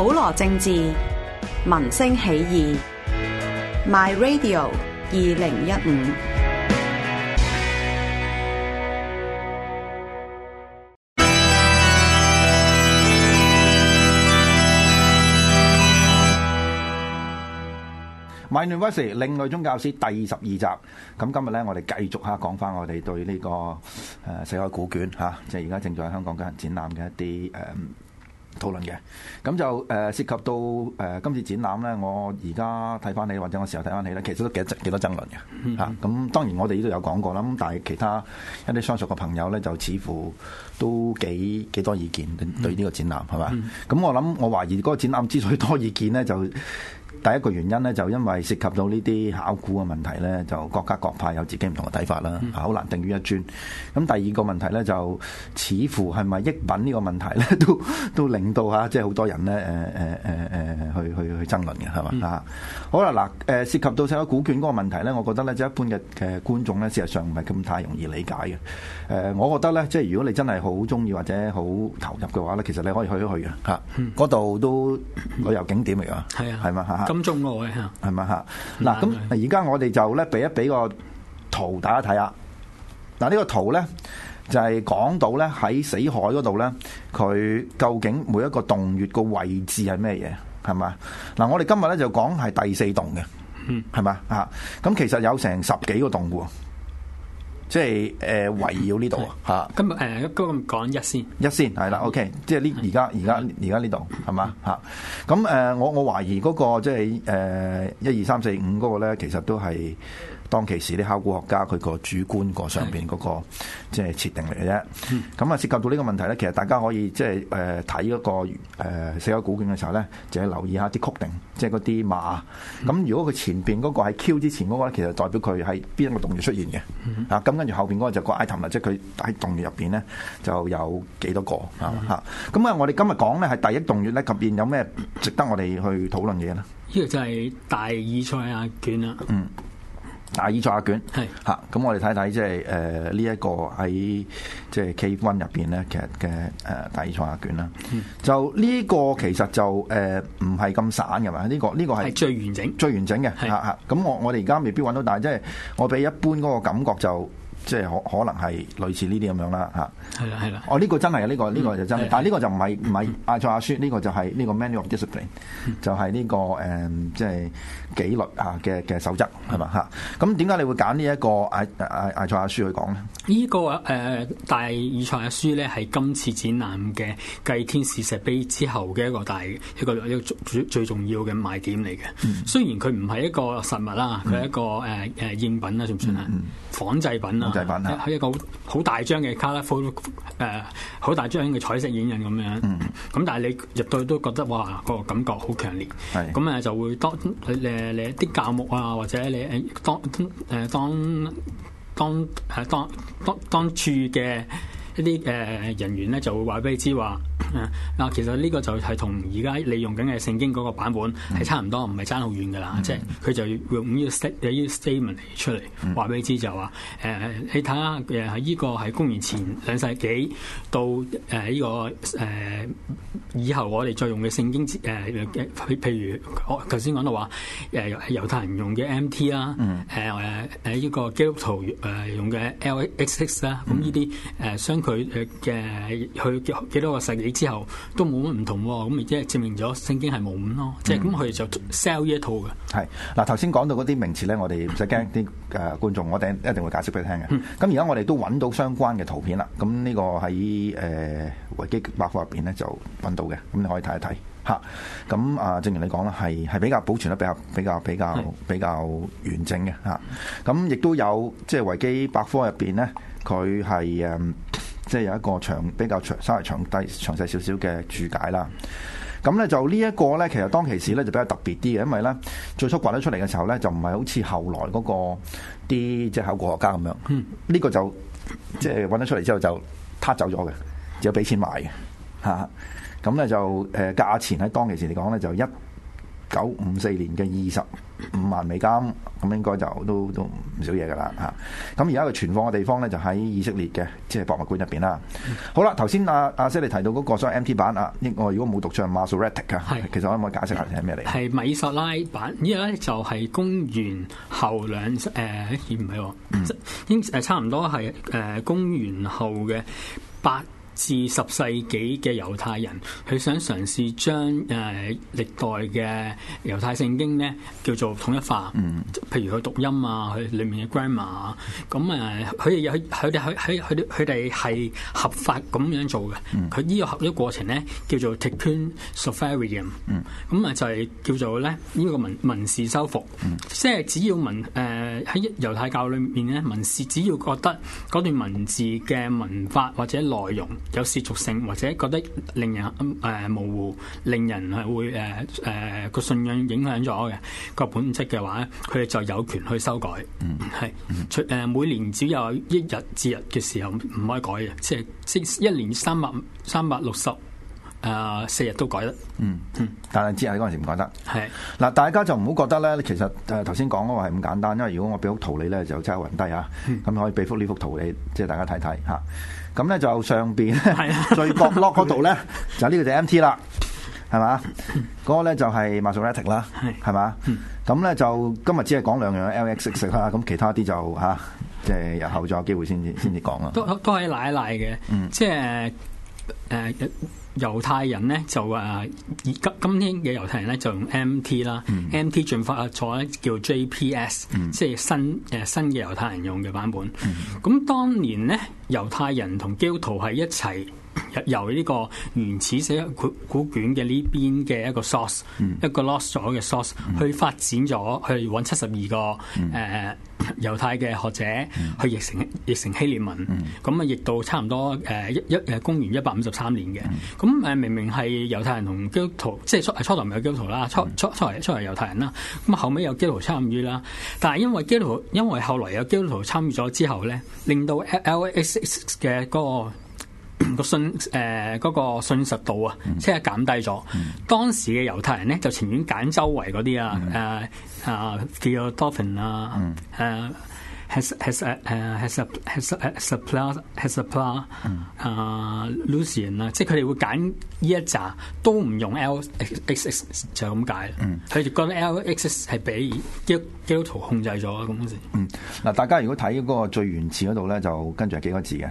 保羅政治，民聲起義，My Radio 二零一五，My University，另類宗教史第十二集。咁今日咧，我哋繼續吓講翻我哋對呢個誒，死海古卷吓，即係而家正在香港舉行展覽嘅一啲誒。討論嘅咁就誒、呃、涉及到誒、呃、今次展覽咧，我而家睇翻你或者我時候睇翻你咧，其實都幾多爭幾多爭論嘅吓。咁、嗯嗯啊、當然我哋呢度有講過啦，咁但係其他一啲相熟嘅朋友咧，就似乎。都幾幾多意見對呢個展覽係嘛？咁、嗯、我諗我懷疑嗰個展覽之所以多意見呢，就第一個原因呢，就因為涉及到呢啲考古嘅問題呢，就各家各派有自己唔同嘅睇法啦，好、嗯、難定於一尊。咁第二個問題呢，就似乎係咪益品呢個問題呢，都都令到吓，即係好多人呢誒誒誒誒去去去爭論嘅係嘛好啦，嗱，誒涉及到死海古卷嗰個問題呢，我覺得呢，即一般嘅誒觀眾咧，事實上唔係咁太容易理解嘅。誒、呃，我覺得呢，即係如果你真係好。好中意或者好投入嘅話咧，其實你可以去一去嘅吓，嗰、嗯、度都旅遊景點嚟噶，係、嗯、啊，係嘛吓，金鐘內吓，係嘛吓。嗱，咁而家我哋就咧俾一俾個圖大家睇下。嗱、嗯，呢、這個圖咧就係、是、講到咧喺死海嗰度咧，佢究竟每一個洞穴個位置係咩嘢？係嘛。嗱，我哋今日咧就講係第四洞嘅，係嘛吓。咁其實有成十幾個洞嘅。即係誒圍繞呢度啊嚇，咁誒，嗰個講一先，一先係啦，OK，即係呢而家而家而家呢度係嘛吓，咁誒，我我懷疑嗰個即係誒一二三四五嗰個咧，其實都係當其時，啲考古學家佢個主觀的上面那個上邊嗰個即係設定嚟嘅啫。咁啊、嗯，涉及到呢個問題咧，其實大家可以即係誒睇嗰個死海、呃、古卷》嘅時候咧，就係留意一下啲曲定，即係嗰啲碼。咁如果佢前邊嗰、那個係 Q 之前嗰、那個咧，其實代表佢喺邊一個洞穴出現嘅、嗯。啊，咁跟住後邊嗰個就是個 item，即係佢喺洞穴入邊咧就有幾多個嚇。咁、嗯、啊，那我哋今日講咧係第一洞穴咧，及邊有咩值得我哋去討論嘢呢？呢個就係大以賽亞卷啦、啊。嗯。大以賽亞卷，係吓，咁，我哋睇睇即係誒呢一個喺即係 K one 入邊咧，其實嘅誒大以賽亞卷啦，就呢個其實就誒唔係咁散嘅嘛，呢、這個呢個係最完整最完整嘅吓吓，咁我我哋而家未必揾到，但係即係我俾一般嗰個感覺就。即係可可能係類似呢啲咁樣啦嚇，係啦係啦。哦，呢、這個真係啊，呢、這個呢、嗯這個就真係。但係呢個就唔係唔係以賽亞書呢、這個就係呢個 Manual of Discipline、嗯、就係、是、呢、這個誒即係紀律嚇嘅嘅守則係嘛嚇。咁點解你會揀呢一個以以以賽亞書去講呢？這個呃、呢個誒大以賽亞書咧係今次展覽嘅繼天使石碑之後嘅一個大一個一個最最重要嘅賣點嚟嘅，嗯。雖然佢唔係一個實物啦，啊，佢係一個誒誒贋品啦，啊，算唔算啊？仿製品啦，啊。係一個好大張嘅 colorful 誒，好大張嘅彩色影印咁樣。咁、嗯、但係你入到都覺得哇，個感覺好強烈。係，咁誒，就會當誒你一啲教目啊，或者你當誒當當誒當當當，當處嘅一啲誒人員咧，就會話俾你知話。啊！嗱，其實呢個就係同而家利用緊嘅聖經個版本係差唔多，唔係爭好遠嘅啦。Mm-hmm. 即係佢就用呢個 statement 出嚟話俾你知、就係，就話誒你睇下誒喺依個喺公元前兩世紀到誒、這、呢個誒、呃、以後我哋再用嘅聖經誒譬、呃、譬如我頭先講到話誒猶、呃、太人用嘅 MT 啦、啊，誒誒誒呢個基督徒誒用嘅 LXX 啦，咁呢啲誒相距誒嘅去幾多個世紀？之後都冇乜唔同，咁亦即係證明咗聖經係無咯。即係咁，佢哋就 sell 依一套嘅。係嗱，頭先講到嗰啲名詞咧，我哋唔使驚啲誒觀眾，我哋一定會解釋俾你聽嘅。咁而家我哋都揾到相關嘅圖片啦。咁呢個喺誒維基百科入邊咧就揾到嘅。咁你可以睇一睇吓。咁啊，正如你講啦，係係比較保存得比較比較比較比較完整嘅吓。咁、啊、亦都有即係維基百科入邊咧，佢係誒。嗯即係有一個長比較長，稍微長低詳細少少嘅注解啦。咁咧就呢一個咧，其實當其時咧就比較特別啲嘅，因為咧最初掘得出嚟嘅時候咧，就唔係好似後來嗰、那個啲即係考古學家咁樣。呢、嗯、個就即係揾得出嚟之後就撻走咗嘅，只有俾錢買嘅嚇。咁、啊、咧就誒、呃、價錢喺當其時嚟講咧就一九五四年嘅二十五萬美金，咁應該就都都唔少嘢噶啦嚇。咁而家佢存放嘅地方咧就喺以色列嘅即係博物館入邊啦。好啦，頭先阿阿 Sir 提到嗰個所謂 MT 版啊，我如果冇讀錯 Masoretic 啊，其實我可唔可以解釋下係咩嚟？係米索拉版，呢家咧就係公元後兩誒，唔係應誒差唔多係誒、呃、公元後嘅八。至十世紀嘅猶太人，佢想嘗試將誒歷代嘅猶太聖經咧叫做統一化，嗯，譬如佢讀音啊，佢裏面嘅 grammar，咁誒，佢哋佢佢哋佢哋係合法咁樣做嘅，佢呢個合作過程咧叫做 Tikkun Soferim 嗯，咁啊就係叫做咧呢個文文士修復， 即係只要文誒喺、呃、猶太教裏面咧文士只要覺得嗰段文字嘅文法或者內容，有世俗性或者覺得令人誒、呃、模糊、令人係會誒誒個信仰影響咗嘅個本質嘅話咧，佢哋就有權去修改。嗯，係出、嗯、每年只有一日節日嘅時候唔可以改嘅，即係即一年三百三百六十誒、呃、四日都改得。嗯嗯，但係節日嗰陣時唔改得。係，嗱，大家就唔好覺得咧，其實誒頭先講嗰個係咁簡單，因為如果我俾、嗯、幅圖你咧，就真係暈低嚇。咁可以俾幅呢幅圖你，即係大家睇睇嚇。咁咧就上邊最角落嗰度咧就呢個就 MT 啦，係嘛？嗰個咧就係 Masoretic 啦，係嘛？咁咧就今日只係講兩樣 LXX 啦，咁其他啲就嚇即係日後再有機會先至先至講啦。都都係奶奶嘅，即係。誒、呃、猶太人咧就話而、啊、今今天嘅猶太人咧就用 MT 啦、嗯、，MT 進發咗叫 JPS，、嗯、即係新誒、呃、新嘅猶太人用嘅版本。咁、嗯、當年咧，猶太人同基督徒係一齊。由呢個原始寫古卷嘅呢邊嘅一個 source，、嗯、一個 lost 咗嘅 source，、嗯、去發展咗去揾七十二個誒、嗯呃、猶太嘅學者、嗯、去譯成譯成希臘文，咁啊譯到差唔多誒一一誒公元一百五十三年嘅，咁、嗯、誒明明係猶太人同基督徒，即係初初代咪有基督徒啦，初初初代初代猶太人啦，咁後尾有基督徒參與啦，但係因為基督徒因為後來有基督徒參與咗之後咧，令到 LXX 嘅嗰個。那個信誒，嗰、呃那個信實度啊，即係減低咗、嗯。當時嘅猶太人咧，就情願揀周圍嗰啲啊，誒啊 Theodotion 啊，誒，Has Has a Has a Has Hexapla Hexapla 啊，Lucian 啊，即係佢哋會揀呢一扎，都唔用 L X X 就咁解。佢、嗯、哋覺得 L X X 係俾基基督徒控制咗咁先。嗯，嗱、啊，大家如果睇嗰個最原始嗰度咧，就跟住係幾個字嘅。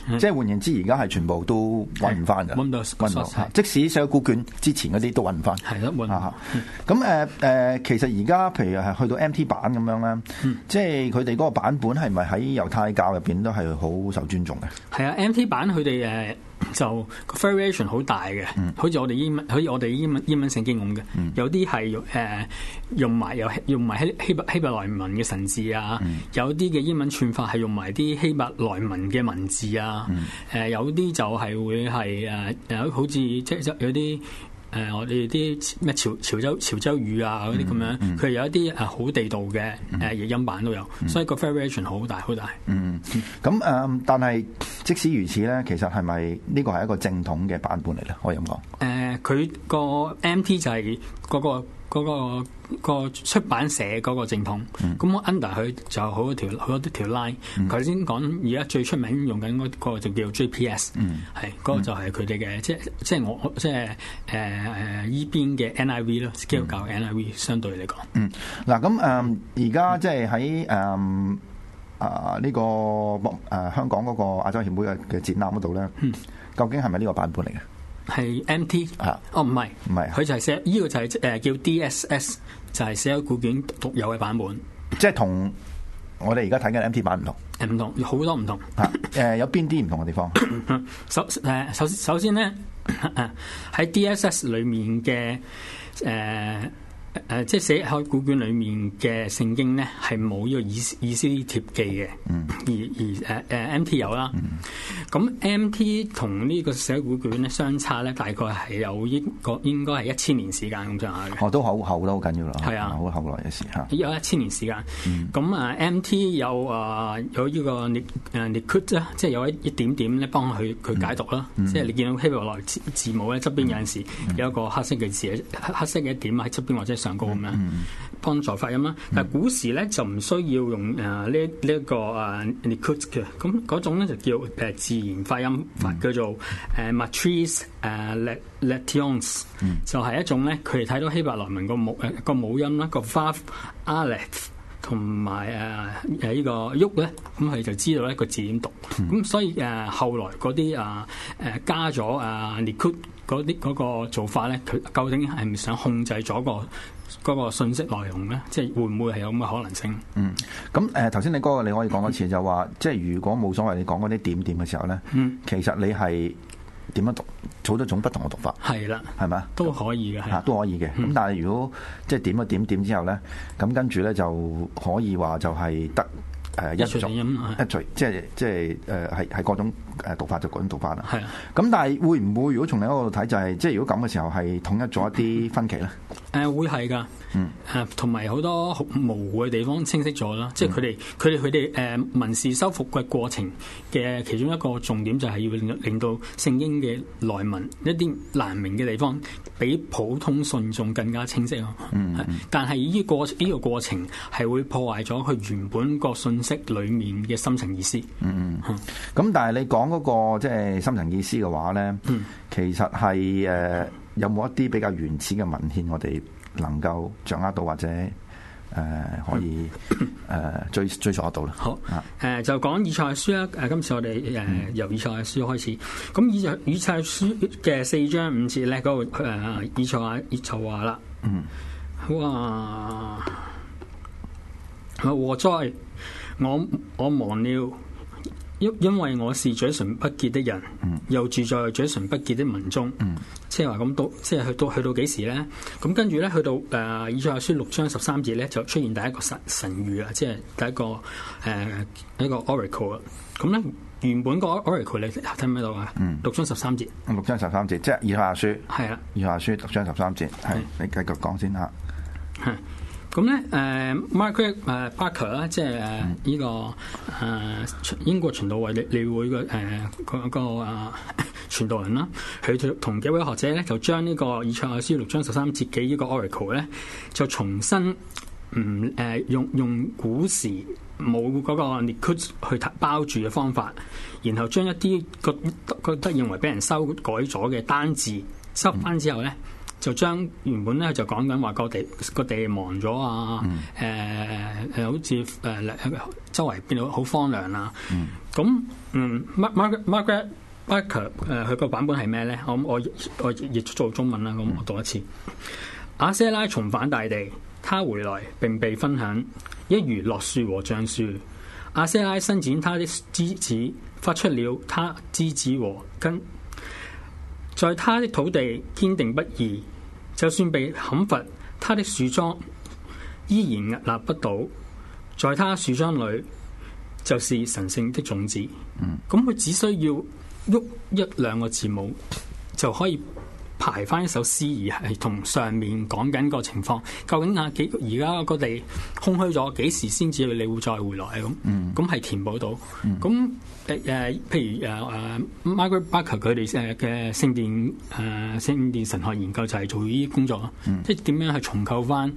即係換言之，而家係全部都揾唔翻嘅。即使上古卷之前嗰啲都揾唔翻。係咯，揾唔到。咁誒誒，其實而家譬如係去到 MT 版咁樣啦、嗯，即係佢哋嗰個版本係咪喺猶太教入邊都係好受尊重嘅？係啊，MT 版佢哋誒就 variation 好大嘅、嗯，好似我哋英文，好似我哋英文英文聖經咁嘅、嗯，有啲係用誒用埋有用埋希希伯希伯來文嘅神字啊，嗯、有啲嘅英文串法係用埋啲希伯來文嘅文字啊。嗯呃是是呃呃、啊！誒有啲就係會係誒有好似即有啲誒我哋啲咩潮潮州潮州語啊嗰啲咁樣，佢、嗯嗯、有一啲誒好地道嘅誒譯音版都有，嗯、所以個 variation 好大好大。嗯，咁誒、嗯，但係即使如此咧，其實係咪呢個係一個正統嘅版本嚟咧？可以咁講？誒、呃，佢、佢個 MT 就係嗰個。嗰、嗰個嗰個出版社嗰個正統，咁 under 佢就好多條好多啲條 line、嗯。頭先講而家最出名的用緊嗰個就叫 JPS，係嗰個就係佢哋嘅，即即我即係誒誒依邊嘅 NIV 咯，基督教 NIV 相對嚟講。嗱咁誒而家即係喺誒啊呢個誒、呃、香港嗰個亞洲協會嘅嘅展覽嗰度咧，究竟係咪呢個版本嚟嘅？係 MT 啊，哦唔係，唔係，佢、啊、就係寫呢個就係、是、誒、呃、叫 DSS，就係寫古卷獨有嘅版本。即係同我哋而家睇緊 MT 版唔同。誒唔同，好多唔同、啊。吓、呃，誒有邊啲唔同嘅地方？首誒， 首首先咧喺 DSS 裏面嘅誒。呃誒、呃，即係寫喺古卷裏面嘅聖經咧，係冇呢個意以思啲貼記嘅，而而，而 MT 有啦。咁、嗯、MT 同呢個死海古卷咧相差咧，大概係有一個應該係一千年時間咁上下嘅。哦，都好後都好緊要啦。係啊，好後來嘅事嚇。有一千年時間。咁、嗯、啊，MT 有啊有呢個你你 could 即係有一點點咧幫佢佢解讀啦。嗯、即係你見到希伯來字字母咧側、嗯、邊有陣時有一個黑色嘅字，黑色嘅一點喺側邊或者，上高咁樣幫助發音啦，但係古時咧就唔需要用誒呢呢一個誒 niqqud 嘅，咁、啊、嗰種咧就叫自然發音法，叫做 matres、uh, lectionis 就係一種咧，佢哋睇到希伯來文個母母音啦，Alef, 呃呢個 Vav Alef 同埋誒誒呢個喐咧，咁佢就知道一個字點讀，咁所以誒、呃、後來嗰啲、呃、加咗 niqqud 嗰啲嗰個做法咧，佢究竟係唔想控制咗個嗰個信息內容咧？即係會唔會係有咁嘅可能性？嗯，咁誒頭先你嗰個你可以講多次就，就、嗯、話即係如果冇所謂你講嗰啲點點嘅時候咧，嗯，其實你係點樣讀做多種不同嘅讀法，係啦，係咪？都可以嘅、啊，都可以嘅。咁但係如果、嗯、即係點啊點點之後咧，咁跟住咧就可以話就係得。誒、呃、一聚一聚，即係即係誒，係、呃、係各種誒讀法就各種讀法啦。係啊會會，咁但係會唔會如果從另一個睇，就係、是、即係如果咁嘅時候，係統一咗一啲分歧咧？誒、呃、會係噶，嗯、啊，同埋好多很模糊嘅地方清晰咗啦。即係佢哋佢哋佢哋誒民事修復嘅過程嘅其中一個重點，就係要令到聖經嘅來文一啲難明嘅地方，比普通信眾更加清晰咯。嗯，嗯是，但係呢個呢個過程係會破壞咗佢原本個信。識裏面嘅深層意思。嗯，咁、嗯、但係你講嗰、那個即係、就是、深層意思嘅話咧、嗯，其實係誒、呃、有冇一啲比較原始嘅文獻，我哋能夠掌握到或者誒、呃、可以誒、嗯呃、追追索得到咧。好，誒、啊呃、就講《以賽書》啦。誒，今次我哋誒、呃嗯、由《以賽書》開始。咁《以賽》《賽書》嘅四章五節咧，嗰、那、度、個呃、以賽亞》以《賽亞話》啦。嗯。哇！係禍哉。我我忘了，因因為我是嘴唇不潔的人、嗯，又住在嘴唇不潔的民中、嗯，即係話咁到，即係去到去到幾時咧？咁跟住咧，去到誒、呃、以賽亞書六章十三節咧，就出現第一個神神諭啊，即係第一個誒、呃、一個 oracle。咁咧，原本個 oracle 你睇唔睇到啊、嗯？六章十三節。六章十三節，即係以賽亞書。係以賽亞書六章十三節，係你繼續講先嚇。咁呢誒，Margaret 誒 Barker 咧，uh, Margaret, uh, Barker, 即係誒呢個誒、uh, 英國傳道衛理會嘅誒嗰個，個、啊、傳道人啦，佢同幾位學者呢，就將呢個《以賽亞書六章十三節》嘅呢個 Oracle 呢，就重新唔、嗯、用用古時冇嗰個 Niqqud 去包住嘅方法，然後將一啲覺得認為俾人修改咗嘅單字收返之後呢。就將原本咧就講緊話個地個地忙咗啊，嗯呃、好似、呃、周圍變到好荒涼啦，啊。咁嗯，嗯，Margaret Barker 佢個版本係咩咧？我我我，我譯做中文啦，咁我讀一次、嗯。阿瑟拉重返大地，他回來並被分享，一如落樹和橡樹。阿瑟拉伸展他的枝子，發出了他枝子和根，在他的土地堅定不移。就算被砍伐，他的樹樁依然屹立不倒。在他樹樁裏，就是神聖的種子。咁佢只需要喐一兩個字母，就可以。排翻一首詩，而係同上面講緊個情況，究竟啊幾而家個地空虛咗，幾時先至你會再回來咁？咁、嗯、係填補到。咁誒誒，譬如誒誒、呃、Margaret Barker 佢哋誒嘅聖殿誒、呃、聖殿神學研究就係做呢啲工作咯、嗯。即係點樣去重構翻誒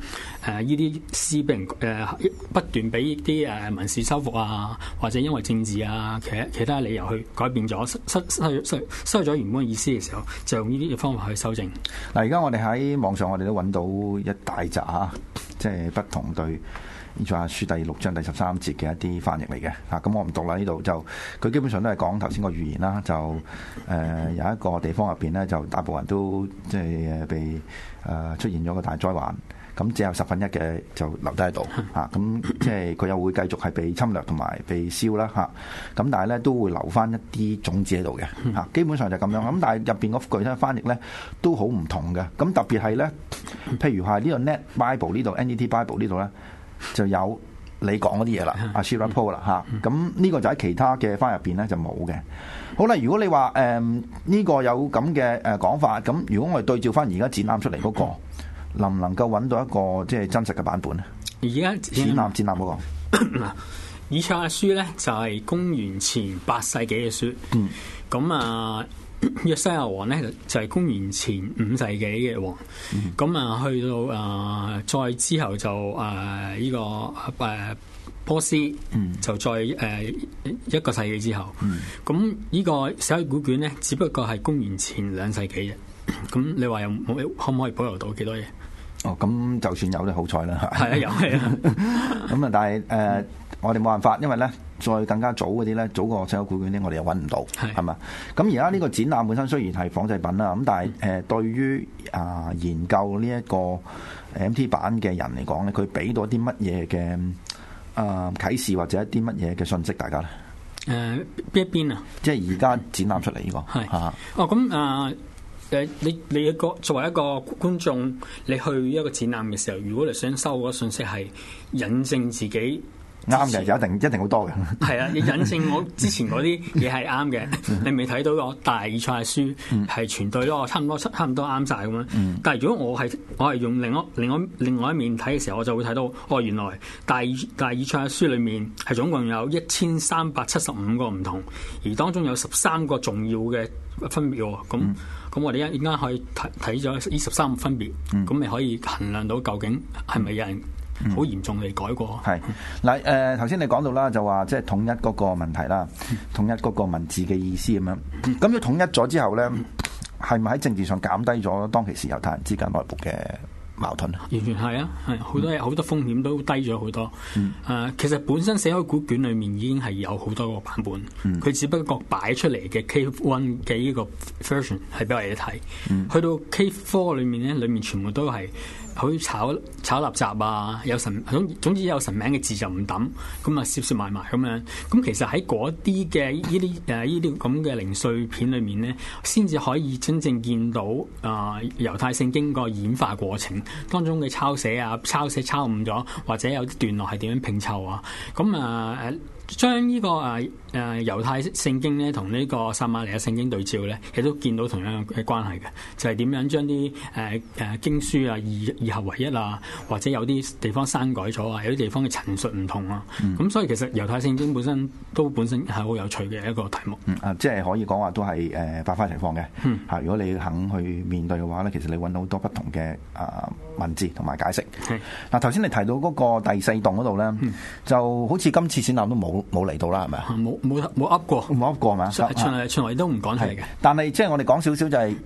呢啲詩俾人誒、呃、不斷俾啲誒民事修復啊，或者因為政治啊其其他理由去改變咗失失，失去失去咗原本嘅意思嘅時候，就用呢啲嘅方法去。修正嗱，而家我哋喺網上，我哋都揾到一大集啊，即、就、係、是、不同對《以賽亞書》第六章第十三節嘅一啲翻譯嚟嘅啊。咁我唔讀啦，呢度就佢基本上都係講頭先個預言啦。就誒、呃、有一個地方入邊咧，就大部分都即係、就是、被誒、呃、出現咗個大災患。咁只有十分一嘅就留低喺度，咁即係佢又會繼續係被侵略同埋被燒啦，咁但係咧都會留翻一啲種子喺度嘅，基本上就咁樣。咁但係入面嗰具體翻譯咧都好唔同嘅，咁特別係咧，譬如話呢個 Net Bible, NET Bible 呢度，NET Bible 呢度咧就有你講嗰啲嘢啦，阿 Shirapool 啦嚇，咁呢個就喺其他嘅翻入邊咧就冇嘅。好啦，如果你話呢、嗯呢個有咁嘅誒講法，咁如果我哋對照翻而家展覽出嚟嗰、嗰個。能唔能夠揾到一個即係真實嘅版本咧？而家展覽展覽嗰個， 以賽亞嘅書咧就係、是、公元前八世紀嘅書。嗯，咁啊，約西亞王咧就係、是、公元前五世紀嘅王。咁、嗯、啊、嗯，去到啊、呃、再之後就、呃這個、啊呢個誒波斯。嗯、就再誒、呃、一個世紀之後。咁、嗯、呢個死海古卷咧，只不過係公元前兩世紀嘅。咁你話又冇可唔可以保留到幾多嘢？哦，咁就算有啲好彩啦。係啊，有啊。 咁、呃、啊，但係我哋冇辦法，因為咧，再更加早嗰啲咧，早過死海古卷咧，我哋又搵唔到，係嘛？咁而家呢個展覽本身雖然係仿製品啦，咁但係誒、呃，對於啊、呃、研究呢一個 MT 版嘅人嚟講咧，佢俾到一啲乜嘢嘅啊啟示，或者一啲乜嘢嘅信息，大家咧？誒邊一邊啊？即係而家展覽出嚟呢、這個係、啊、哦，咁啊。呃你你一個作為一個觀眾，你去一個展覽嘅時候，如果你想收到個信息，係引證自己。啱嘅，就一定，一定好多嘅。係啊，你引證我之前嗰啲嘢係啱嘅， 你未睇到個大以賽嘅書係、嗯、全對咯，差唔多差唔多啱晒。咁、嗯、樣。但係如果我係我係用另一另一另外一面睇嘅時候，我就會睇到哦，原來大以大以賽嘅書裡面係總共有一千三百七十五個唔同，而當中有十三個重要嘅分別喎。咁咁、嗯、我哋一陣間可以睇睇咗呢十三個分別，咁、嗯、你可以衡量到究竟係咪有人。好、嗯、嚴重地改過，係。嗱，誒頭先你講到啦，就話即係統一嗰個問題啦，統一嗰個文字嘅意思咁樣。咁要統一咗之後咧，係咪喺政治上減低咗當其時猶太人之間內部嘅矛盾？完全係啊，好多嘢好、嗯、多風險都低咗好多、嗯呃。其實本身《死海古卷》裏面已經係有好多個版本，佢、嗯、只不過擺出嚟嘅 K one 嘅呢個 version 係畀我哋睇、嗯。去到 K four 裏面咧，裏面全部都係。佢炒抄立雜啊，有神總，總之有神名嘅字就唔抌，咁啊，少少埋埋咁樣。咁其實喺嗰啲嘅呢啲誒呢啲咁嘅零碎片裏面咧，先至可以真正見到啊猶太聖經嘅演化過程當中嘅抄寫啊、抄寫抄誤咗，或者有啲段落係點樣拼湊啊，咁啊將呢、這個誒誒、啊啊、猶太聖經咧同呢這個撒瑪利亞聖經對照咧，亦都見到同樣嘅關係嘅，就係、是、點樣將啲誒誒經書啊二二合為一啊，或者有啲地方刪改咗啊，有啲地方嘅陳述唔同啊，咁、嗯、所以其實猶太聖經本身都本身係好有趣嘅一個題目。嗯、啊，即係可以講話都係誒百花齊放嘅。嗯嚇，如果你肯去面對嘅話咧，其實你揾到好多不同嘅啊。呃文字同埋解釋。嗱，頭先你提到嗰個第四洞嗰度咧，就好似今次展覽都冇冇嚟到啦，係咪啊？冇冇冇噏過，冇噏過嘛？從來從來都唔講係嘅。但係即係我哋講少少就係、是、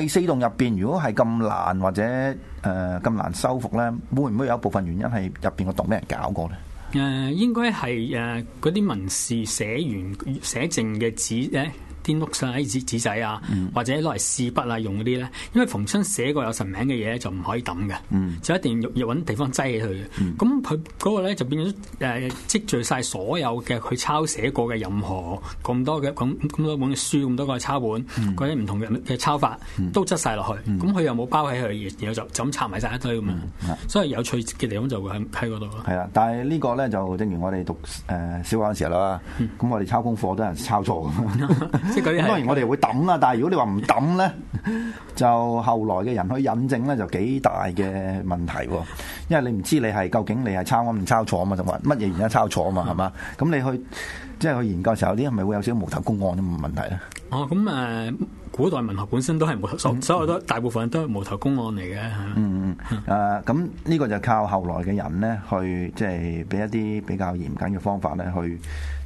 第四洞入邊，如果係咁難或者誒咁、呃、難修復咧，會唔會有一部分原因係入邊個洞俾人搞過咧？誒、呃，應該係誒嗰啲文字寫完寫淨嘅字咧。呃啲屋上喺紙紙仔啊，或者攞嚟試筆啊用嗰啲咧，因為逢親寫過有神名嘅嘢就唔可以抌嘅，就一定要要揾地方擠佢。咁佢嗰個咧就變咗誒、呃、積聚晒所有嘅佢抄寫過嘅任何咁多嘅咁咁多本書，咁多個抄本，嗰啲唔同嘅嘅抄法都執晒落去。咁、嗯、佢、嗯、又冇包起佢，然後就咁插埋晒一堆咁樣、嗯。所以有趣嘅地方就喺喺嗰度咯。係啊，但係呢個咧就正如我哋讀誒小學嗰陣時啦，咁、嗯、我哋抄功課都係抄錯的。嗯 當然我哋會抌啦，但係如果你話唔抌咧，就後來嘅人去引證咧，就幾大嘅問題。因為你唔知你係究竟你係抄啱唔抄錯啊嘛，就話乜嘢原因抄錯啊嘛，係、嗯、嘛？咁你去即係去研究嘅時候，啲係咪會有少少無頭公案咁嘅問題咧？哦，咁誒，古代文學本身都係無所，所以都大部分都係無頭公案嚟嘅，係嗯，誒、呃，咁呢個就靠後來嘅人咧，去即係俾一啲比較嚴謹嘅方法咧，去。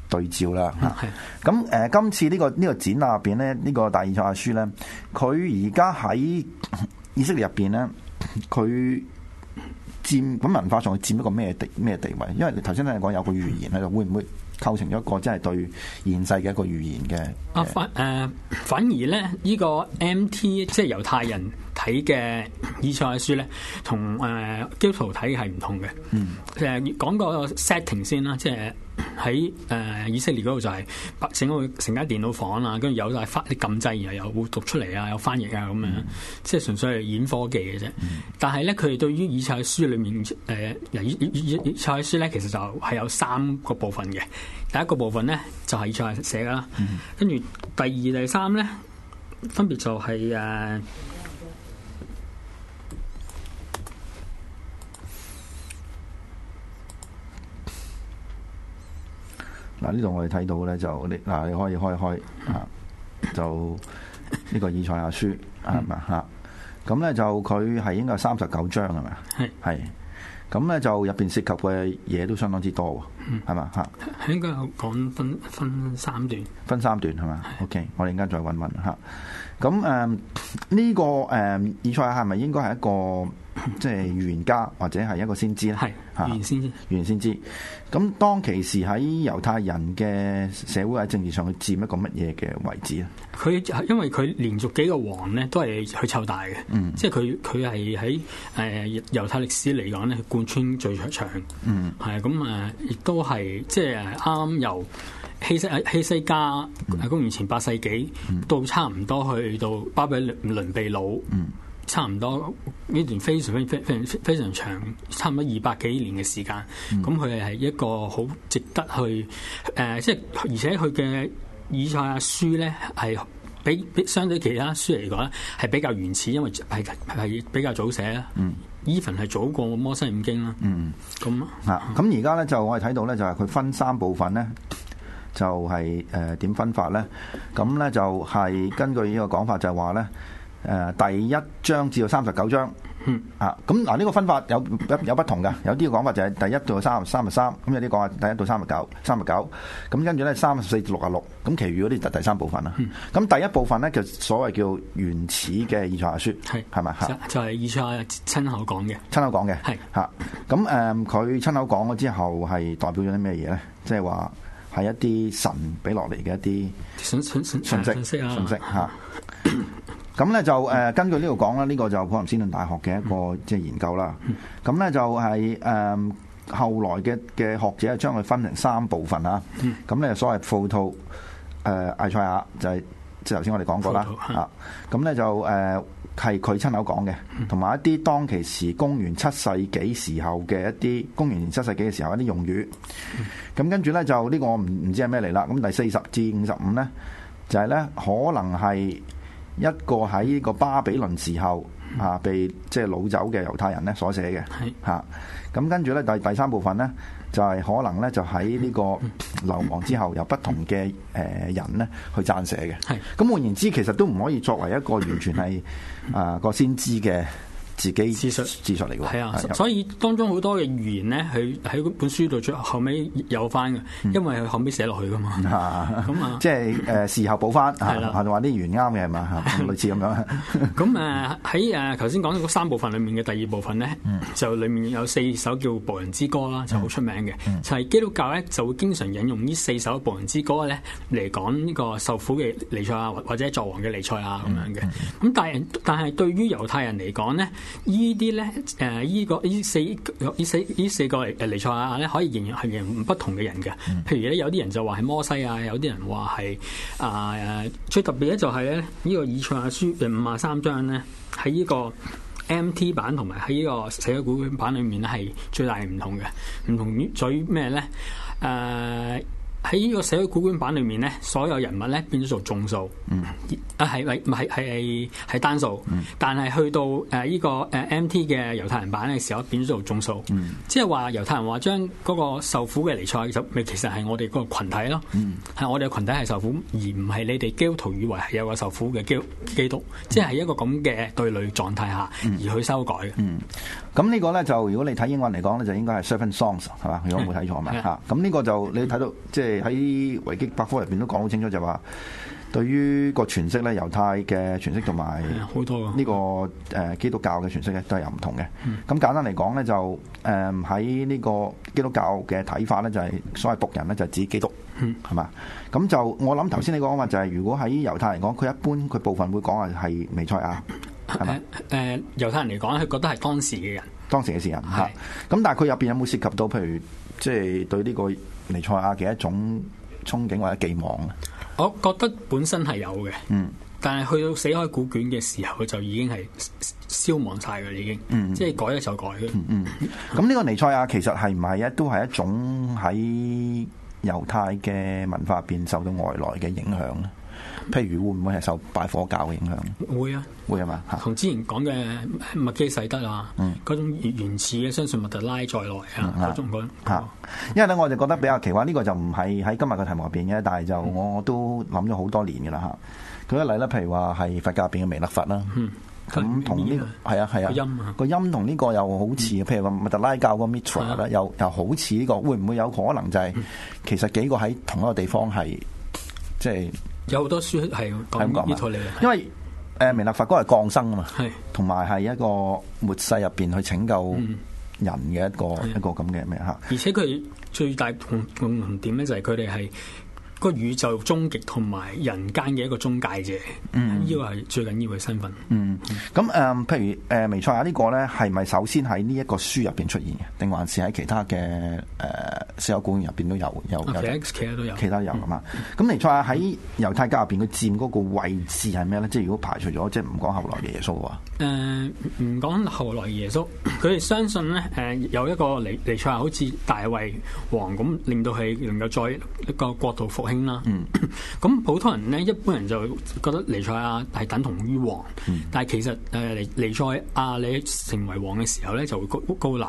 對照啦嚇，咁、嗯、誒、嗯呃、今次呢、這個呢、這個展覽入邊咧、呢、這個大以賽亞書咧，佢而家喺以色列入邊咧，佢佔咁文化上係佔一個咩地咩地位？因為才你頭先聽講有個預言咧、嗯，會唔會構成一個真係對現世嘅一個預言嘅？啊反誒、呃，反而咧呢、這個 MT 即係猶太人睇嘅以賽亞書咧，跟呃、基圖看的是不同誒 Gospel 睇係唔同嘅。嗯，誒、呃、講個 setting 先啦，即係。喺以色列嗰度就係整嗰成間電腦房啦，跟住有就係發啲禁制，然後又會讀出嚟啊，有翻譯啊咁樣，即係純粹係演科技嘅啫、嗯。但係咧，佢哋對於以賽亞書裡面、呃、以賽亞書咧其實就係有三個部分嘅。第一個部分咧就係、是、以賽寫啦、嗯，跟住第二、第三咧分別就係、是呃嗱，呢度我哋睇到咧就你嗱，你可以開一開嚇， 就呢、呢個《以賽亞書》係咪嚇，咁咧、 嗯、就佢係應該係三十九章係咪係，咁咧 就入邊涉及嘅嘢都相當之多喎。嗯，係嘛，吓，應該講分分，分，三分三段，分三段係嘛？OK，我哋陣間再問問吓，咁誒呢個誒以賽亞係咪應該係一個即係預言家，或者係一個先知咧？係吓，預言先知。預言先知。咁當其時喺猶太人嘅社會喺政治上，去佔一個乜嘢嘅位置咧？佢因為佢連續幾個王咧，都係去湊大嘅，嗯即，即係佢佢係喺誒猶太歷史嚟講咧，貫穿最長嗯，係啊咁啊，亦都。都係即係啱啱由希西希西加喺公元前八世紀，嗯，到差唔多去到巴比倫秘魯，差唔多呢段非常非常非常非常長，差唔多二百幾年嘅時間。咁佢係一個好值得去誒，即、呃、係而且佢嘅以賽亞書咧，係比比相對其他書嚟講咧，係比較原始，因為係係比較早寫啦。嗯 Even 係早過摩西五經啦。嗯，咁啊，咁而家咧就我哋睇到咧就係佢分三部分咧、就是，就係誒點分法咧？咁咧就係根據呢個講法就係話咧，誒、呃、第一章至到三十九章。嗯，咁、啊、嗱，呢個分法有有,有不同噶，有啲嘅講法就係第一到三十三日三，咁有啲講啊第一到三十九，三十九，咁跟住咧三十四至六十六，咁其餘嗰啲就第三部分啦。咁、嗯、第一部分咧就是、所謂叫原始嘅以賽亞書，係係咪啊？就係以賽亞啊，親口講嘅，親口講嘅，係吓。咁誒，佢親口講咗之後，係代表咗啲咩嘢咧？即係話係一啲神俾落嚟嘅一啲訊訊訊息啊，信息吓。 咁咧就誒、呃、根據呢度講啦，呢、這個就普林斯頓大學嘅一個即係研究啦。咁、嗯、咧就係誒、呃、後來嘅嘅學者將將佢分成三部分啦。咁咧所謂 Proto 誒艾塞亞就係即係頭先我哋講過啦。Photo, 啊，咁咧就誒係佢親口講嘅，同、嗯、埋一啲當其時公元七世紀時候嘅一啲公元七世紀嘅時候一啲用語。咁跟住咧就呢、這個我唔唔知係咩嚟啦。咁第四十至五十五咧就係、是、咧可能係。一個喺呢個巴比倫時候嚇被即係擄走嘅猶太人咧所寫嘅嚇，咁跟住咧第第三部分咧就係、是、可能咧就喺呢個流亡之後由不同嘅誒人咧去撰寫嘅，咁換言之其實都唔可以作為一個完全係啊個先知嘅。事實事實嚟㗎，係啊、嗯，所以當中好多嘅預言咧，佢喺本書度最後尾有翻嘅，因為佢後尾寫落去㗎嘛。咁、嗯、啊，即係誒、呃嗯、事後補翻，係啦，話啲預言啱嘅係嘛， 類似咁樣。咁誒喺誒頭先講嗰三部分裡面嘅第二部分咧、嗯，就裡面有四首叫《僕人之歌》啦，就好出名嘅、嗯嗯，就係、是、基督教咧就會經常引用呢四首《僕人之歌》咧嚟講呢個受苦嘅彌賽亞，或者作王嘅彌賽亞咁樣嘅。咁、嗯嗯嗯、但係但係對於猶太人嚟講咧。依啲咧，誒、呃、依、這個呢四依四依四個誒尼賽亞咧，可以形容係形容唔不同嘅人嘅。譬如咧，有啲人就話係摩西啊，有啲人話係啊誒，最特別咧就係咧，依個以賽亞書誒五十三章咧，喺呢個 MT 版同埋喺呢個死海古卷版裏面咧，係最大嘅唔同嘅。唔同於在咩咧？喺呢個死海古卷版裏面咧，所有人物咧，變咗做眾數，啊係咪唔係係係單數？嗯、但係去到誒呢個誒 MT 嘅猶太人版嘅時候，變咗做眾數，即係話猶太人話將嗰個受苦嘅離賽就咪其實係我哋個群體咯，係、嗯、我哋群體係受苦，而唔係你哋基督徒以為係有個受苦嘅基基督，嗯、即係一個咁嘅對壘狀態下而去修改嘅。嗯嗯。咁呢個咧就，如果你睇英文嚟講咧，就應該係 Servant Songs 係嘛？如果冇睇錯嘛嚇？咁呢 個就你睇到，即係喺維基百科入邊都講好清楚，就話對於個詮釋咧，猶太嘅詮釋同埋呢個誒基督教嘅詮釋咧，都係有唔同嘅。咁 簡單嚟講咧，就誒喺呢個基督教嘅睇法咧，就係所謂僕人咧，就指基督係嘛？咁就我諗頭先你講話就係，如果喺猶太嚟講，佢一般佢部分會講話係彌賽亞。係咪？誒，呃呃、猶太人嚟講，佢覺得係當時嘅人，當時嘅事人吓。咁但係佢入邊有冇涉及到，譬如即係、就是、對呢個尼賽亞嘅一種憧憬或者寄望咧？我覺得本身係有嘅，嗯。但係去到死海古卷嘅時候，佢就已經係消亡晒噶啦，已經。嗯，即係改嘅時候改嘅。嗯嗯。咁呢個尼賽亞其實係唔係一都係一種喺猶太嘅文化入邊受到外來嘅影響咧？譬如會唔會係受拜火教嘅影響？會啊，會啊嘛吓。同之前講嘅麥基洗德啊、嗰、嗯、種原始嘅相信麥特拉在內嗰、啊嗯、種吓、嗯那個。因為咧，我就覺得比較奇怪，呢、這個就唔係喺今日嘅題目入邊嘅，但係就、嗯、我都諗咗好多年嘅啦吓。舉個例啦，譬如話係佛教入邊嘅彌勒佛啦，咁同呢個係啊係啊音個音同呢個又好似，譬、嗯、如話麥特拉教個 mitra 咧、嗯，又又好似呢、這個，會唔會有可能就係、是嗯、其實幾個喺同一個地方係即係？就是有好多書係咁講呢套嘢，因為誒、嗯嗯嗯嗯嗯、明立法哥係降生啊嘛，係同埋係一個末世入邊去拯救人嘅一個、嗯、一個咁嘅咩嚇，而且佢最大共同點咧就係佢哋係。那個宇宙終極同埋人間嘅一個中介者，嗯，依個係最緊要嘅身份。嗯，咁誒、呃，譬如誒，彌賽亞個呢個咧，係咪首先喺呢一個書入邊出現嘅，定還是喺其他嘅誒、呃、四友館入邊都有有，啊、有？其他都有，其他都有啊嘛。咁、嗯、彌賽亞喺猶太教入邊佢佔嗰個位置係咩咧？即係如果排除咗，即係唔講後來耶穌嘅話，誒唔講後來耶穌，佢哋相信咧誒、呃、有一個彌彌賽亞好似大衛王咁，令到佢能夠再一個國度復興、嗯、啦，咁普通人咧，一般人就覺得彌賽亞係等同於王，嗯、但係其實誒彌彌賽亞，你成為王嘅時候咧就會膏膏立，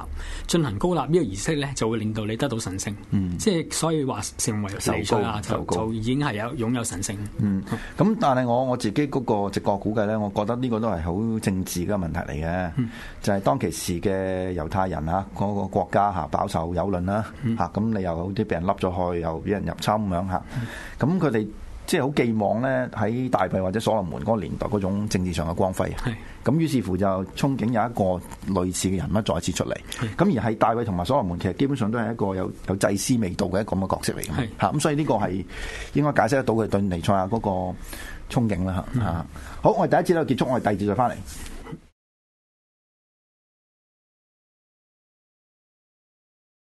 進行膏立個儀呢個儀式咧就會令到你得到神聖，即、嗯、係所以話成為彌賽亞就,就,就,就,就已經係有擁有神聖。嗯，咁但係我我自己嗰個直覺估計咧，我覺得呢個都係好政治嘅問題嚟嘅、嗯，就係、是、當其時嘅猶太人啊嗰、那個國家吓飽受蹂躪啦，吓、嗯、咁、啊、你又好啲俾人笠咗去，又俾人入侵咁樣吓。咁佢哋即係好寄望咧，喺大衛或者所羅門嗰個年代嗰種政治上嘅光輝，咁於是乎就憧憬有一個類似嘅人物再次出嚟。咁而係大衛同埋所羅門，其實基本上都係一個有有祭司味道嘅一個咁嘅角色嚟嘅，吓咁、嗯、所以呢個係應該解釋得到佢對尼賽亞嗰個憧憬啦，吓吓、嗯。好，我哋第一節咧結束，我哋第二節再翻嚟。